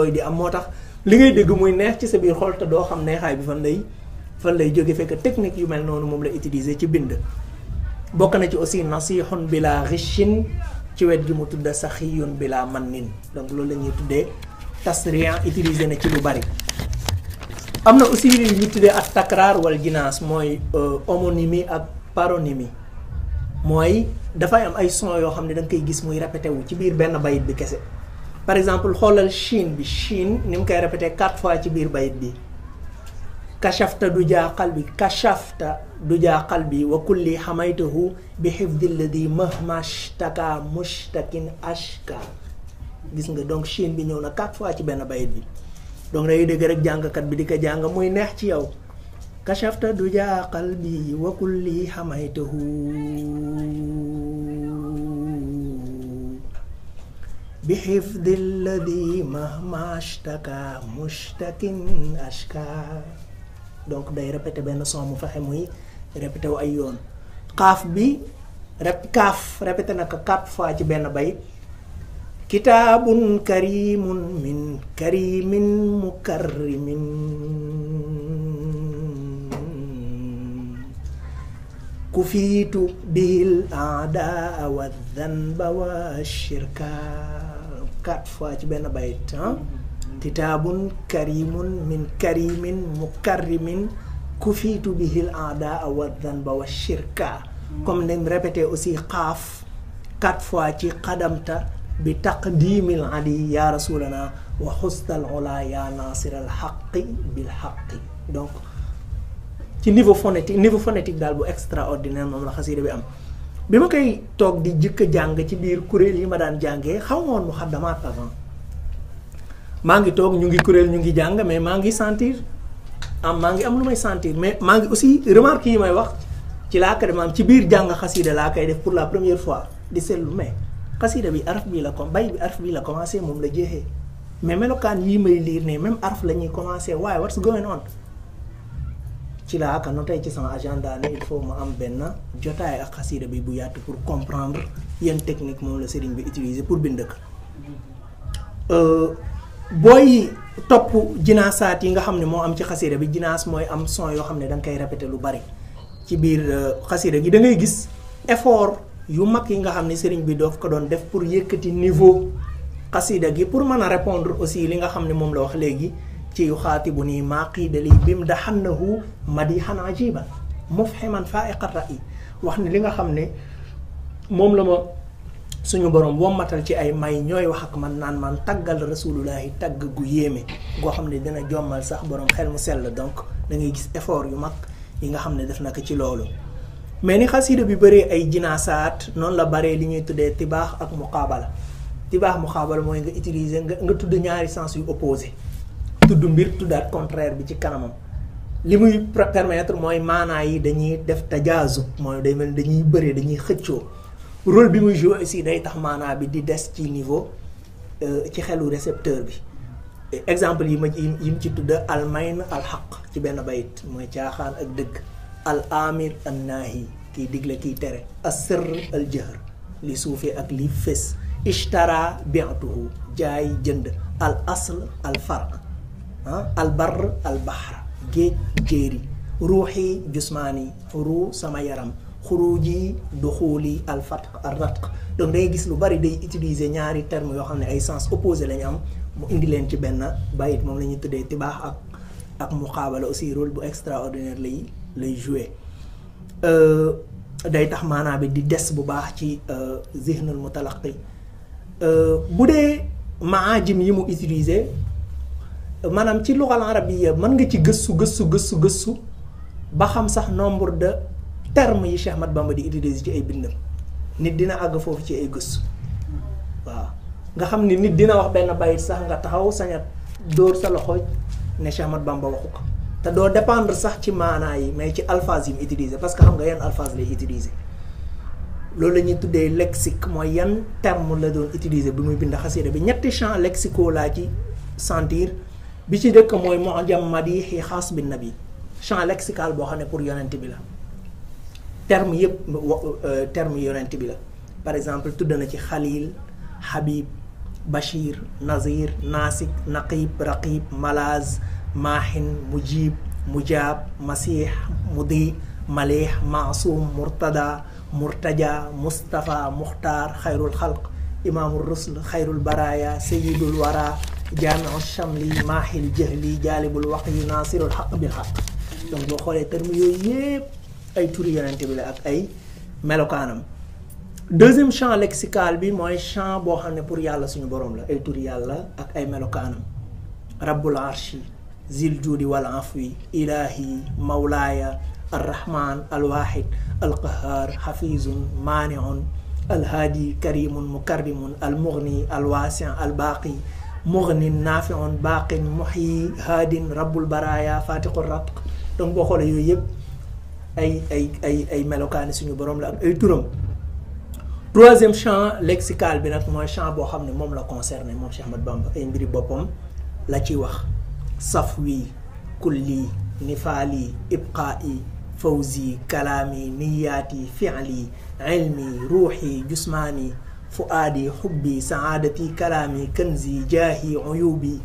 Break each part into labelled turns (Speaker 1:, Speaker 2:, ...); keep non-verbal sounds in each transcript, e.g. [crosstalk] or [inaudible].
Speaker 1: yooyu di am moo tax li ngay muy neex sa biir xol te doo xam neexaay bi fan lay fan lay jóge fekk technique yu mel noonu moom la utiliser ci bind bokk na ci aussi bi bila richin ci wet gi mu tudda saxiyun bila mannin donc loolu la ñuy tuddee tasrian utiliser na ci lu bari am na aussi li tuddee ak takraar wal jinaas mooy euh, homonymie ak paronymie mooy dafay am ay son yoo xam ne da koy gis muy répété wu ci biir benn bayit bi kese par exemple xoolal Chine bi Chine ni mu koy répété quatre fois ci biir bayit bi kashafta du jaa bi kashafta du jaa bi wa kulli xamaytahu bi xifdi di mahma shtaka mushtakin ashka gis nga donc Chine bi ñëw na quatre fois ci benn bayit bi donc day dégg rek jàngkat bi di ko jàng muy neex ci yow kashafta du jaa bi wa kulli xamaytahu بحفظ الذي مهما اشتكى مشتك أشكى donc day répété benn son mu fexe muy répété wu ay yoon xaaf bi rep kaaf répété na ko quatre fois ci benn bay kitaabun karimun min karimin mukarrimin كفيت به quatre fois ci benn bayit ah kitaabun karimun min karimin mukarrimin kufiitu bihil aada wa danba wa shirka aussi xaaf quatre fois ci xadamta bi taqdimil adi ya rasulana wa xustal ola ya nasiral xaqi bil xaqi donc ci niveau phonétique niveau phonétique daal bu extraordinaire moom la xasida bi am bi ma koy toog di jëkk a jàng ci biir kuréel yi ma daan jàngee xaw ma woon mu xaddamaat avant maa ngi toog ñu ngi kuréel ñu ngi jàng mais maa ngi sentir am maa ngi am lu may sentir mais maa ngi aussi remarque yi may wax ci laa ko maam ci biir jàng xasida laa koy def pour la première fois di seetlu mais xasida bi araf bii la ko bay bi araf bii la commencé moom la jeexee mais melokaan yii may liir ne même araf la ñuy commencé waaye what's going noonu ci laa ka notee ci sama agenda ne il faut ma am benn jotaay ak xasida bi bu yàtt pour comprendre yenn technique moom la sëriñ bi utiliser pour bind ko euh, booy topp jinaasaat yi nga xam ne moo am ci xasida bi jinaas mooy am son yoo xam ne da nga koy répété lu bari ci biir euh, xasida gi da ngay gis effort yu mag yi nga xam ne sëriñ bi doof ko doon def pour yëkkati niveau xasida gi pour mën a répondre aussi li nga xam ne moom la wax léegi ci yuxaatibu nii maa qiida lii bimdahannahu madihan ajiban mufhiman faa'iqar ra'yi wax ne li nga xam ne moom la ma suñu borom wommatal ci ay may ñooy wax ak man naan man taggal rasulullahi tagg gu yéeme goo xam ne dina jommal sax borom xel mu sell donc da gis effort yu mag yi nga xam ne def na ko ci loolu. mais ni xasida bi bëree ay jinaasaat noonu la baree li ñuy tuddee tibaax ak muqaabala tibaax muqaabala mooy nga utiliser nga tudd ñaari sens yu opposé tudd mbir tuddaat contraire bi ci kanamam li muy permettre mooy maanaa yi dañuy def tajaazub mooy day mel dañuy bëri dañuy xëccoo rôle bi muy joué aussi day tax maanaa bi di des ci niveau euh, ci xelu récepteur bi exemple yi ma yi mu ci tudd almayn alxaq ci benn bayit mooy caaxaan ak dëgg al amir an naahi kiy digle kiy tere asr al jahr li suufee ak li fés ishtara bi'tuhu jaay jënd al asl al far ah albarr albahr géej jéeri ruuxi jusmaani ruu sama yaram xuruuji duxuuli alfatx alratq donc dangay gis lu bari day utiliser ñaari termes yoo xam ne ay sens opposé lañu am mu indi leen ci benn bayit moom la ñuy tuddee tibaax ak ak muqaabala aussi role bu extraordinaire lay lay joué euh, day tax maanaa bi di des bu baax ci euh, zihnul mutalaqi euh, bu dee maajim yi mu utiliser maanaam ci luxal arabiyya mën nga ci gëstu gëstu gëstu gëstu ba xam sax nombre de termes yi Cheikh Ahmad Bamba di utiliser ci ay bindam nit dina àgg foofu ci ay gëstu waa nga xam ni nit dina wax benn bayit sax nga taxaw sañat dóor sa loxo ne Cheikh Ahmad Bamba waxu ko te doo dépendre sax ci maanaa yi may ci alphase yi mu utiliser parce que xam nga yan alphase lay utiliser loolu la ñuy tuddee lexique mooy yan term la doon utiliser bi muy bind xasida bi ñetti champ lexicaux laa ci sentir bi ci njëkk mooy mujam madixi xaas bi nabi champ lexical boo xam ne pour yonent bi la terme yëpp terme yonent bi la par exemple tudd na ci xalil habib bashir nazir nasik naqib raqib malaz mahin mujib mujab masih mudi malih masum murtada murtaja mustafa muxtaar xayrul xalq imaamul rusul khairul baraya sayyidul wara جامع الشملي ماحي الجهلي جالب الوقي ناصر الحق بالحق دونك بو خولي ترمي ييب اي توري يونت بي اك اي ملوكانم دوزيام شان ليكسيكال بي موي شان بو خاني بور يالا سونو بوروم لا اي توري يالا اك اي ملوكانم رب العرش زيل جودي والعفو الهي مولايا الرحمن الواحد القهار حفيظ مانع الهادي كريم مكرم المغني الواسع الباقي مغن نافع باق محيي هاد رب البرايا فاتق الرزق donc boo xoolee yooyu yëpp ay ay ay ay melokaani suñu borom la ak ay turam troisième champ lexical bi nag mooy champ boo xam ne moom la concerné moom Cheikh Ahmad Bamba ay mbiri boppam la ciy wax saf wii kulli nifaali ibqaa'i fawzi kalaami niyaati fi'li ilmi ruuxi jusmaani فؤادي حبي سعادتي كلامي كنزي جاهي عيوبي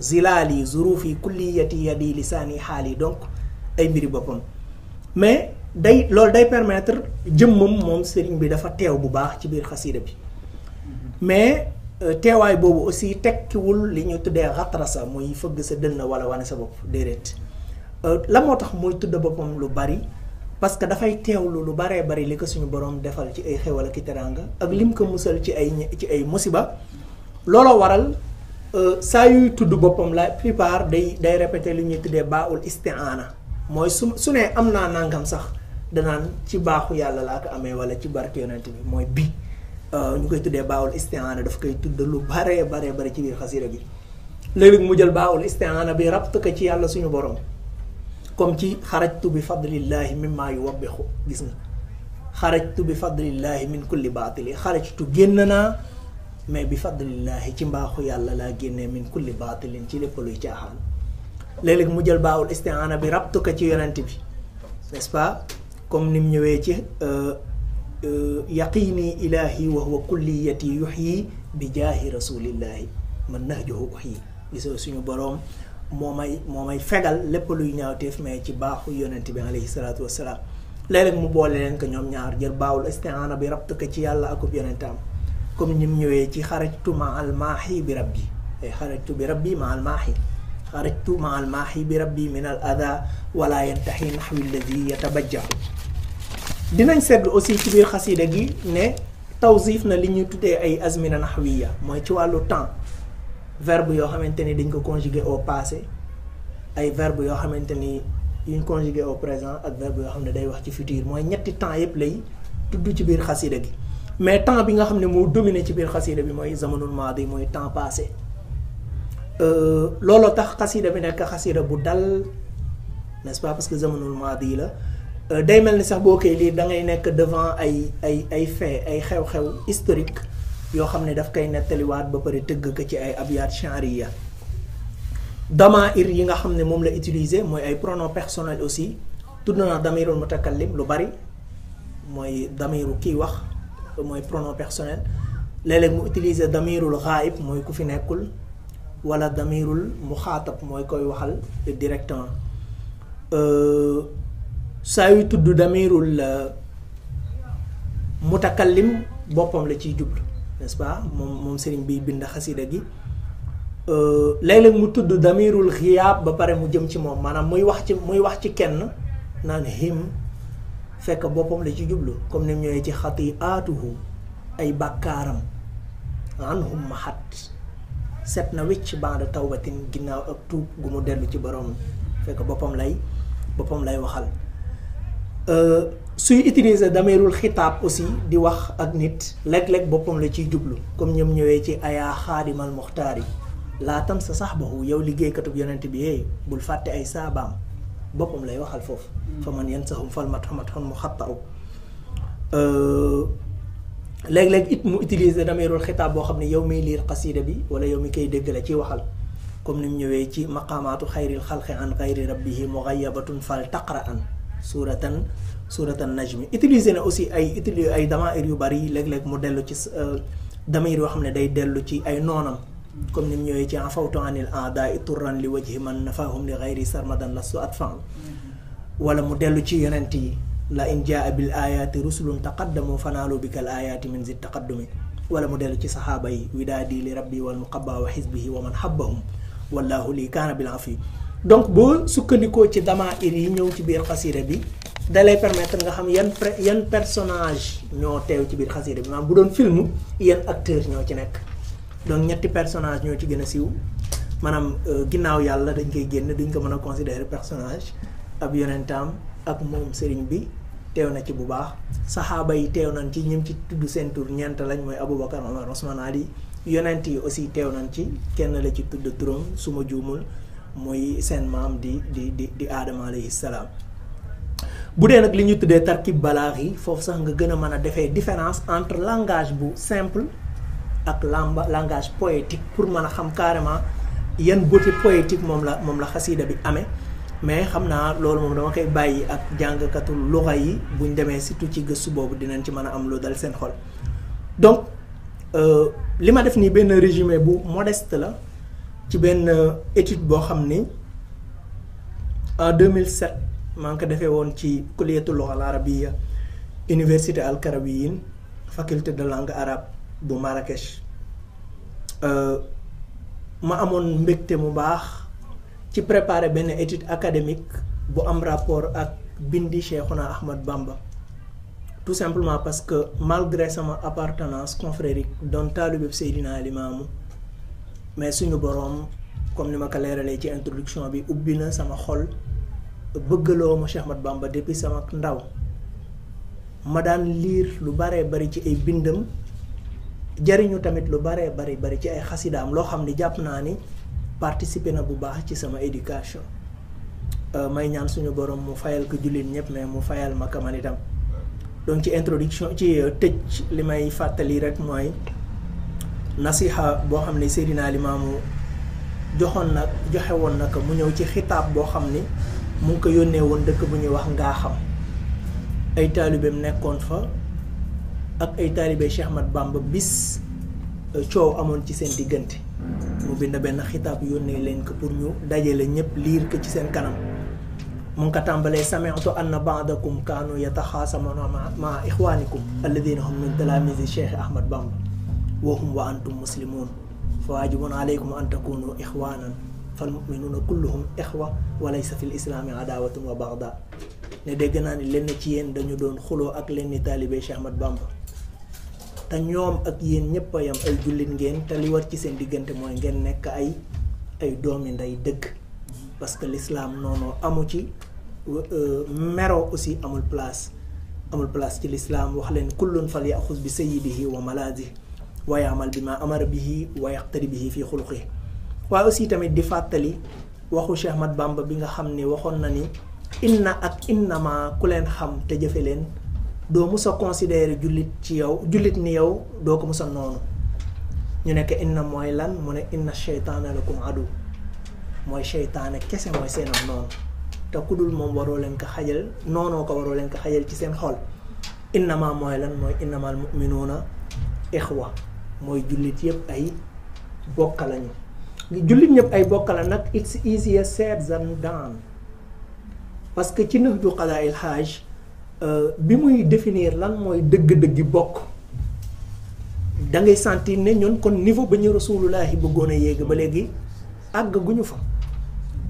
Speaker 1: زلالي ظروفي كليتي يدي لساني حالي دونك اي ميري بوبام مي داي لول داي بيرميتر جيمم موم سيرين بي دا فا تيو بو باخ سي بير قصيده بي مي تيواي بوبو اوسي تيكي وول لي نيو تودي غطرسا موي فغ سا دن ولا وانا سا بوب ديريت لا موتاخ موي تود بوبام لو باري parce que dafay teewlu lu baree bari li ko suñu boroom defal ci ay xewal ak teraanga ak lim ko musal ci ay ci ay musiba looloo waral euh, saa yuy tudd boppam la plupart day day répété lu ñuy tuddee baaul istiaana mooy su su am naa nangam sax danaan ci baaxu yàlla laa amee wala ci barke bi mooy bi euh, ñu koy tuddee baaul istiaana daf koy tudd lu baree baree bari ci biir xasira bi léeg-léeg mu jël baaul istiaana bi rabt ko ci yàlla suñu borom. comme ci xarajtu bi fadlillahi mimma yuwabbixu gis nga xarajtu bi fadlillahi min kulli baatili xarajtu génn na mais bi fadlillahi ci mbaaxu yàlla laa génnee min kulli baatilin ci lépp luy caaxaan léeg-léeg mu jël baawul istiaana bi rabtu ko ci yonent bi nest pas comme ni ñëwee ci euh, euh, yaqiini ilaahi wa huwa kulliyati yuxyi bi jaahi rasulillahi man nahjuhu uxyi gisoo suñu boroom moo may moo may fegal lépp luy ñaawteef mais ci baaxu yonent bi alayhi salaatu wasalaam léeg-léeg mu boole leen ko ñoom ñaar jël baawul istiaana bi rabt ko ci yàlla akub yonentaam comme ñim ñëwee ci xarajtu ma almaahi bi rabbi ay xarajtu bi rabbi ma almaahi xarajtu ma almaahi bi rabbi min al ada wala yantahi naxwi alladi yatabajjahu dinañ seetlu aussi ci biir xasida gi ne tawsif na li ñu tuddee ay azmina naxwiya mooy ci wàllu temps verbe yoo xamante ni dañ ko conjuguer au passé ay verbe yoo xamante ni yuñ conjuguer au présent ak verbe yoo xam ne day wax ci futur mooy ñetti temps yëpp lay tudd ci biir xasida gi mais temps bi nga xam ne moo dominé ci biir xasida bi mooy zamanul maadi mooy temps passé euh, looloo tax xasida bi nekk xasida bu dal n'est-ce pas parce que zamanul maadi la euh, day mel ni sax boo koy lii da ngay nekk devent ay ay ay fait ay xew-xew historique yoo xam ne daf koy nettaliwaat ba pare tëgg ko ci ay abyaat chanriya ir yi nga xam ne moom la utiliser mooy ay pronom personnel aussi tudd na damirul mutakallim lu bari mooy damiru kiy wax mooy pronom personnel léeg-léeg mu utiliser damirul xaayib mooy ku fi nekkul wala damirul muxaatab mooy koy waxal directement saa yu tudd damirul mutakallim boppam la ciy jublu n'est-ce moom moom sëriñ biy bind xasida gi euh, léeg-léeg mu tudd damirul xiyaab ba pare mu jëm ci moom maanaam muy wax ci muy wax ci kenn naan him fekk boppam la ci jublu comme ni mu ñëwee ci xatiaatuhu ay bàkkaaram anhum mahat set na wicc banda tawbatin ginnaaw ak tuub gu mu dellu ci borom fekk boppam lay boppam lay waxal euh, suñu utiliser dameerul khitab aussi di wax ak nit leg leg bopam la ci djublu comme ñoom ñewé ci ayaa xaadimal mukhtari la tam sa sax yow yow katub yonent bi hey bul fàtte ay sabam bopam lay waxal foofu fa man yan saxum fal mat xamat xon mu xattau leeg it mu utiliser dameerul khitab bo xamni yow may lire qasida bi wala yow mi kay dégg la ci waxal comme nim ñewé ci maqamatu khairil khalqi an ghairi rabbihi mughayyabatun fal taqra'an suratan suratan najmi utiliser na aussi ay utili ay damair yu bari léeg-léeg mu dellu ci euh, damair yoo xam ne day dellu ci ay noonam comme ni mu ñëwee ci afawtu anil aada turran li wajhi man nafahum li ghayri sarmadan lastu atfan wala mu dellu ci yonent yi la in jaa bil ayaati rusulun taqaddamu fanaalu bikal ayaati min zi taqaddumi wala mu dellu ci saxaaba yi widaadi li rabbi wal muqabba wa xisbihi wa man xabbahum wallahu li kaana bil afi donc boo sukkandikoo ci damair yi ñëw ci biir xasida bi da lay permettre nga xam yan yan personnage ñoo teew ci biir xasida bi maanaam bu doon film yan acteur ñoo ci nekk donc ñetti personnage ñoo ci gën a siiw maanaam euh, ginnaaw yàlla dañ koy génn duñ ko mën considérer personnage ab yonentaam ak moom sëriñ bi teew na ci bu baax sahaba yi teew nañ ci ñim ci tudd seen tur ñeent lañ mooy aboubacar omar osman ali yonent yi aussi teew nañ ci kenn la ci tudd turam suma juumul muy seen maam di di di di aadama alayhi salaam bu dee nag li ñu tuddee tarkib balaax yi foofu sax nga gën a mën a defee différence entre langage bu simple ak lamba langage poétique pour mën a xam carrément yan beauté poétique moom la moom la xasiida bi amee mais xam naa loolu moom dama koy bàyyi ak jàngkatu luxa yi buñ demee surtout ci gëstu boobu dinañ ci mën a am lu dal seen xol donc euh, li ma def nii benn résumé bu modeste la ci benn étude boo xam ni en 2007 manke ngi won ci kulliyatul lugha al arabiyya université al karawiyin faculté de langue arabe bu Marrakech euh, ma amone mbekté mu bax ci préparer ben étude académique bu am rapport ak bindi Cheikhuna Ahmad Bamba tout simplement parce que malgré sama appartenance confrérique don taalibeb Seydina imam mais suñu borom comme ni ma ko ci introduction bi ubbina sama xol bëggaloo ma Cheikh Ahmad Bamba depuis sama ndaw ma daan liir lu baree bari ci ay bindam jariñu tamit lu baree bari bari ci ay xasidaam loo xam ni jàpp naa ni participer na bu baax ci sama éducation euh, may ñaan suñu borom mu fayal ko jullit ñëpp mais mu fayal ma kaman itam donc ci introduction ci euh, tëj li may fàttali rek mooy nasiha boo xam ne Seydina Limaamu joxoon nag joxe woon na ko mu ñëw ci xitaab boo xam ni mu ngi ko yónnee woon dëkk bu ñuy wax ngaa xam ay taalibeem nekkoon fa ak ay taalibe Cheikh Ahmad Bamba bis coow amoon ci seen diggante mu bind benn xitaab yónnee leen ko pour ñu dajale ñëpp liir ko ci seen kanam mu ngi ko tàmbalee sami'tu anna ba'dakum kaanu yataxaasamuna ma ixwaanikum alladina hum min talaamisi Cheikh Ahmad Bamba wa hum wa antum muslimun fa waajibun alaykum an takunu ixwaanan فالمؤمنون كلهم إخوة وليس في الإسلام عداوة وبغضاء ندقنا لن تيين دنيو دون خلو أك لن تالي أحمد بامبا تنيوم أك يين نيبا يم الجلين جين تاليوار كيسين ديجن تموين جين نكا أي أي دومين داي دك بس الإسلام نونو أموشي ميرو أسي أمو البلاس أمو البلاس كي الإسلام وحلين كل فليأخذ بسيده وملاده ويعمل بما أمر به ويقتري به في خلقه waaye aussi tamit di fàttali waxu Cheikh Ahmad Bamba bi nga xam ni waxoon na ni inna ak innama ku leen xam te jëfe leen doo mus a considérer jullit ci yow jullit ni yow doo ko mus a noonu ñu nekk inna mooy lan mu ne inna seytaane lakum adu mooy seytaane kese mooy seenam noonu te ku dul moom waroo leen ko xajal noonoo ko waroo leen ko xajal ci seen xol innama mooy lan mooy innamal muminuuna ixwa mooy jullit yépp ay bokk lañu jullit ñëpp ay bokk nag it's easier said than done parce que ci Nahju Qadaa'il Haaj euh, bi muy définir lan mooy dëgg-dëggi bokk da ngay sentir ne ñun kon niveau ba ñu rasulullahi bëggoon a yéeg ba léegi àgg gu ñu fa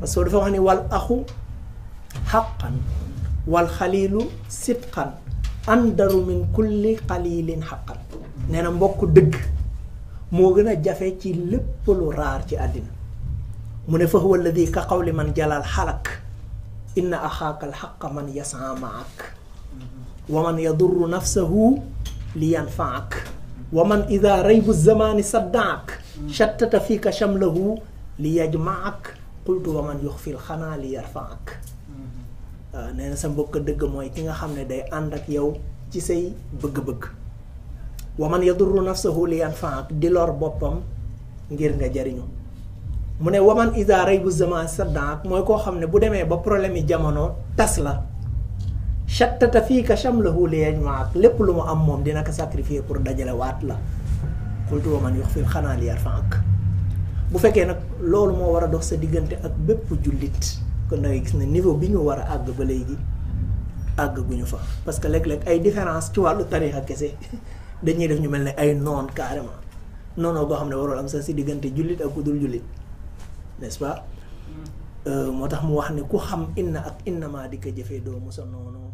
Speaker 1: parce que dafa wax ni wal axu xaqan wal xaliilu sidqan andaru min kulli xaliilin xaqan nee na mbokk dëgg moo gën a jafe ci lépp lu raar ci àddina mu ne fa huwa alladi ka qawli man jalal xalak inna axaaka alxaqa man yasaa maak wa man yadurru nafsahu li yanfaak wa man ida raybu zamani saddaak shattata fika shamlahu li yajmaak qultu wa man yuxfi lxanaa li yarfaak nee na sa mbokk dëgg mooy ki nga xam ne day ànd ak yow ci say bëgg-bëgg wa man yadurru nafsahu li yanfa di lor boppam ngir nga jariñu mu ne waman isa rey bu zaman saddan mooy koo xam ne bu demee ba problème yi jamono tas la chattata fii ka chamlahu li yajmaak lépp lu mu am moom dina ko sacrifier pour dajale waat la xultu waman yox fi xanaa li yarfaak bu fekkee nag loolu moo war a dox sa diggante ak bépp jullit kon da gis ne niveau bi ñu war a àgg ba léegi àgg gu ñu fa parce que léeg-léeg ay différence ci wàllu tarixa kese [laughs] dañuy def ñu mel ne ay noon carrément noonoo boo xam ne warul am sax si diggante jullit ak ku dul jullit n'est-ce mm. euh, moo tax mu wax ne ku xam inna ak innama di ko jëfee doo musa noonu